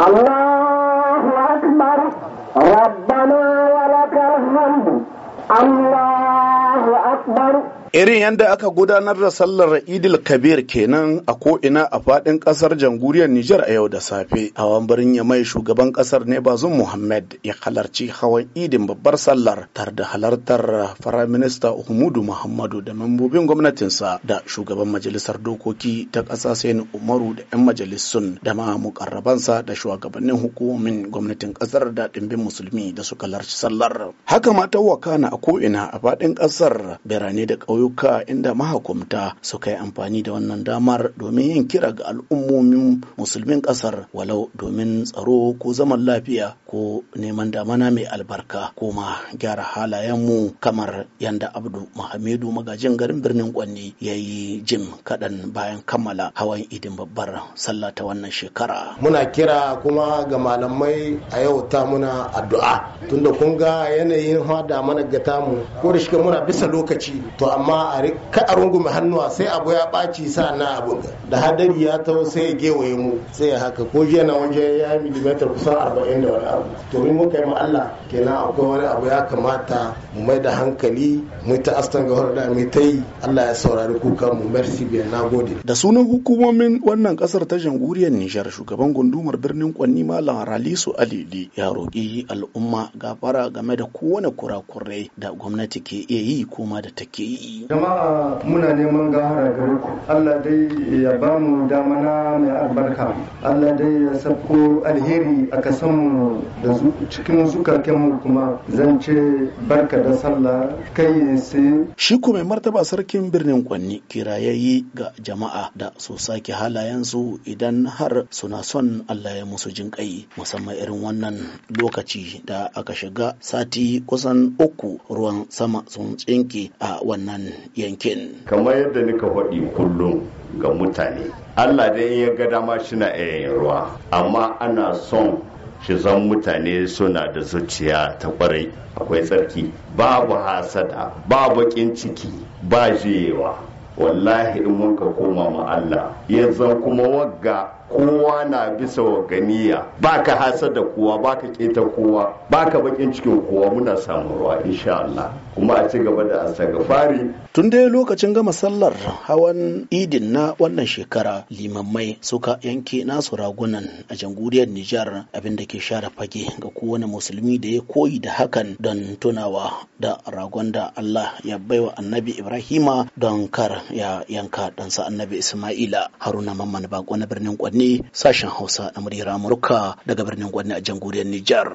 الله أكبر ربنا ولك الحمد الله أكبر Irin yadda aka gudanar da sallar Idil Kabir kenan a ko'ina a faɗin ƙasar jamhuriyar Nijar a yau da safe. Hawan wambarin ya mai shugaban ƙasar ne bazun Muhammad ya halarci hawan Idin babbar sallar tare da halartar Firaminista Uhumudu Muhammadu da membobin gwamnatinsa da shugaban majalisar dokoki ta ƙasa Sani Umaru da 'yan majalisun da ma mukarrabansa da shugabannin hukumomin gwamnatin ƙasar da ɗimbin musulmi da suka larci sallar. Haka ma ta wakana a ko'ina a faɗin ƙasar birane da ƙauye ƙauyuka inda mahakumta suka yi amfani da wannan damar domin yin kira ga al'ummomin musulmin ƙasar walau domin tsaro ko zaman lafiya ko neman damana mai albarka ko ma gyara mu kamar yanda abdu muhammadu magajin garin birnin kwanni ya yi jim kaɗan bayan kammala hawan idin babbar sallah ta wannan shekara muna kira kuma ga malamai a yau ta muna addu'a tunda kun ga yanayin hada mana ga tamu ko da shi muna bisa lokaci to amma amma a ka a rungume hannuwa sai abu ya ɓaci sa na abu da hadari ya taho sai ya gewaye mu sai ya haka ko jiya na wajen ya yi milimetar kusan arba'in da wani abu to in muka yi ma'alla kenan akwai wani abu ya kamata mu mai da hankali mu ta astan ga da mu ta yi Allah ya saurari kuka mu merci biyan na gode. Da sunan hukumomin wannan kasar ta jamhuriyar Nijar shugaban gundumar birnin Kwanni Malam Ralisu Alidi ya roƙi al'umma gafara game da kowane kurakurai da gwamnati ke iya yi kuma da take yi jama'a muna neman gahara gare ku Allah dai ya ba mu dama na mai albarka Allah dai ya sako alheri a kasan mu da cikin zukaken mu kuma zan ce barka da sallah kai sai shi ku mai martaba sarkin birnin Kwanni kirayayi ga jama'a da su sake su idan har suna son Allah ya musu jinƙai musamman irin wannan lokaci da aka shiga sati kusan uku ruwan sama sun tsinke a wannan yankin kamar yadda nika faɗi kullum ga mutane allah dai ya ga dama shina yayin ruwa amma ana son shi zan mutane suna da zuciya ta kwarai akwai tsarki babu hasada babu kin ciki ba jiyewa wallahi in mun ka koma ma allah yanzu kuma wagga kowa na bisa wa ganiya ba ka hasa da kowa ba ka keta kowa ba ka bakin cikin kowa muna samuwa insha Allah kuma a ci gaba da asagafari tun dai lokacin gama sallar hawan idin na wannan shekara limammai suka yanke nasu ragunan a jamhuriyar Nijar abinda ke share fage ga kowane musulmi da ya koyi da hakan don tunawa da ragon da Allah ya baiwa annabi Ibrahima don kar ya yanka ɗansa annabi Ismaila Haruna Mamman ba, na birnin ne sashen Hausa na Amurka daga birnin Gwanne a jamhuriyar Nijar.